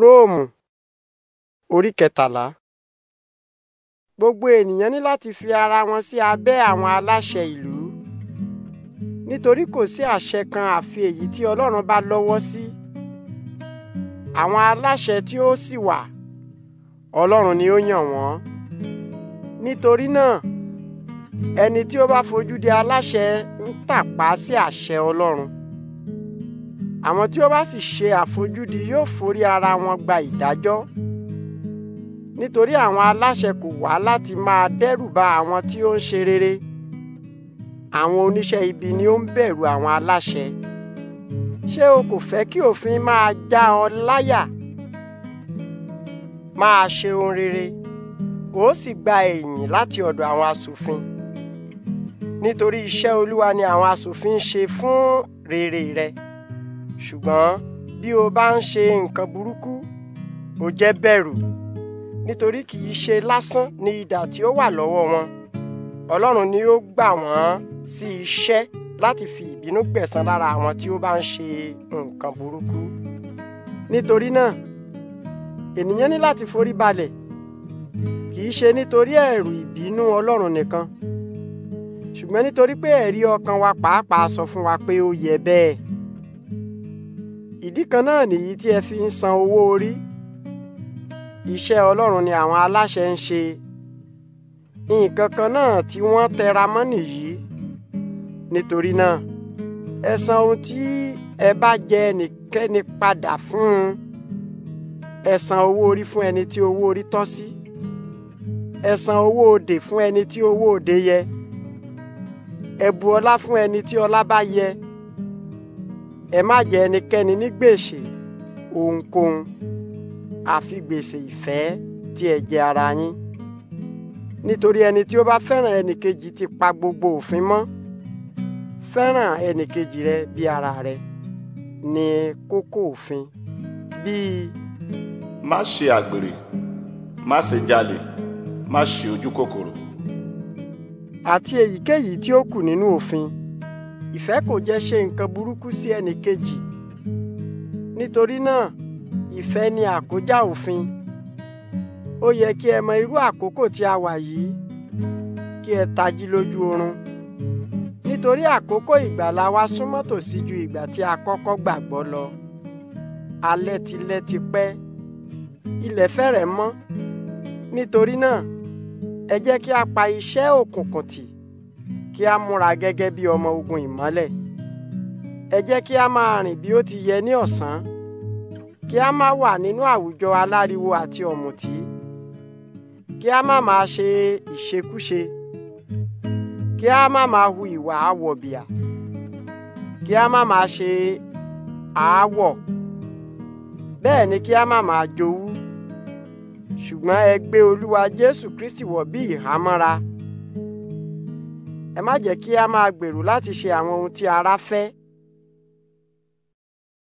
Róòmù orí kẹtàlá. Gbogbo ènìyàn ní láti fi ara wọn sí abẹ́ àwọn aláṣẹ ìlú nítorí kò sí àṣẹ kan àfi èyí tí Ọlọ́run bá lọ́wọ́ sí. Àwọn aláṣẹ tí ó sì wà, Ọlọ́run ni ó yàn wọ́n. Nítorí náà, ẹni tí ó bá fojú di aláṣẹ ń tàpá sí àṣẹ Ọlọ́run àwọn tí ó bá sì ṣe àfojúdi yóò forí ara wọn gba ìdájọ́ nítorí àwọn aláṣẹ kò wá láti máa dẹ́rù ba àwọn tí ó ń ṣe rere àwọn oníṣẹ́ ibi ni ó ń bẹ̀rù àwọn aláṣẹ ṣé o kò fẹ́ kí òfin máa já ọ láyà máa ṣe ohun rere ó sì gba èyìn láti ọ̀dọ̀ àwọn aṣòfin nítorí iṣẹ́ Olúwa ni àwọn aṣòfin ṣe fún rere rẹ. Re ṣùgbọ́n bí o bá ń ṣe nǹkan burúkú o jẹ́ bẹ̀rù nítorí kì ṣe lásán ni idà tí ó wà lọ́wọ́ wọn ọlọ́run ni ó gbà wọ́n sí iṣẹ́ láti fi ìbínú gbẹ̀san lára àwọn tí ó bá ń ṣe nǹkan burúkú nítorí náà ènìyàn ní láti forí balẹ̀ kì ṣe nítorí ẹ̀rù ìbínú ọlọ́run nìkan ṣùgbọ́n nítorí pé ẹ̀rí ọkàn wa pàápàá sọ fún wa pé ó yẹ bẹ́ẹ̀ ìdí kan náà nìyí tí ẹ fi ń san owó orí iṣẹ́ ọlọ́run ni àwọn aláṣẹ ń ṣe nǹkan kan náà tí wọ́n tẹra mọ́ nìyí nítorí náà ẹ san ohun tí ẹ bá jẹ ẹnikẹ́ni padà fún un ẹ san owó orí fún ẹni tí owó orí tọ́ sí ẹ san owó òde fún ẹni tí owó òde yẹ ẹ bu ọlá fún ẹni tí ọlá bá yẹ ẹ má jẹ ẹnikẹ́ni ní gbèsè ohunkóhun àfi gbèsè ìfẹ́ tí ẹ jẹ ara yín nítorí ẹni tí ó bá fẹ́ràn ẹnìkejì ti pa gbogbo òfin mọ́ fẹ́ràn ẹnìkejì rẹ bí ara rẹ ní kókó òfin bíi. má ṣe àgbèrè má ṣe jalè má ṣe ojú kòkòrò. àti èyíkéyìí tí ó kù nínú òfin ìfẹ́ kò jẹ́ ṣe nǹkan burúkú sí ẹnì kejì nítorí náà ìfẹ́ ni àkójá òfin ó yẹ kí ẹ mọ irú àkókò tí a wà yìí kí ẹ tají lójú oorun nítorí àkókò ìgbàlà wa súnmọ́ tòsí ju ìgbà tí a kọ́kọ́ gbàgbọ́ lọ alẹ́ tilẹ̀ ti pẹ́ ilẹ̀ fẹ́rẹ̀ mọ́ nítorí náà ẹ jẹ́ kí a pa iṣẹ́ òkùnkùn tì kí a múra gẹ́gẹ́ bí ọmọ ogun ìmọ́lẹ̀ ẹ jẹ́ kí a máa rìn bí ó ti yẹ ní ọ̀sán kí a má wà nínú àwùjọ aláriwo àti ọ̀mùtí kí a má máa ṣe ìṣekúṣe kí a má máa hu ìwà àwọ̀bìà kí a má máa ṣe àáwọ̀ bẹ́ẹ̀ ni kí a má máa jowú ṣùgbọ́n ẹ gbé Olúwa Jésù Kristi wọ̀ bí ìhámọ́ra ẹ má jẹ́ kí a máa gbèrú láti ṣe àwọn ohun tí ara fẹ́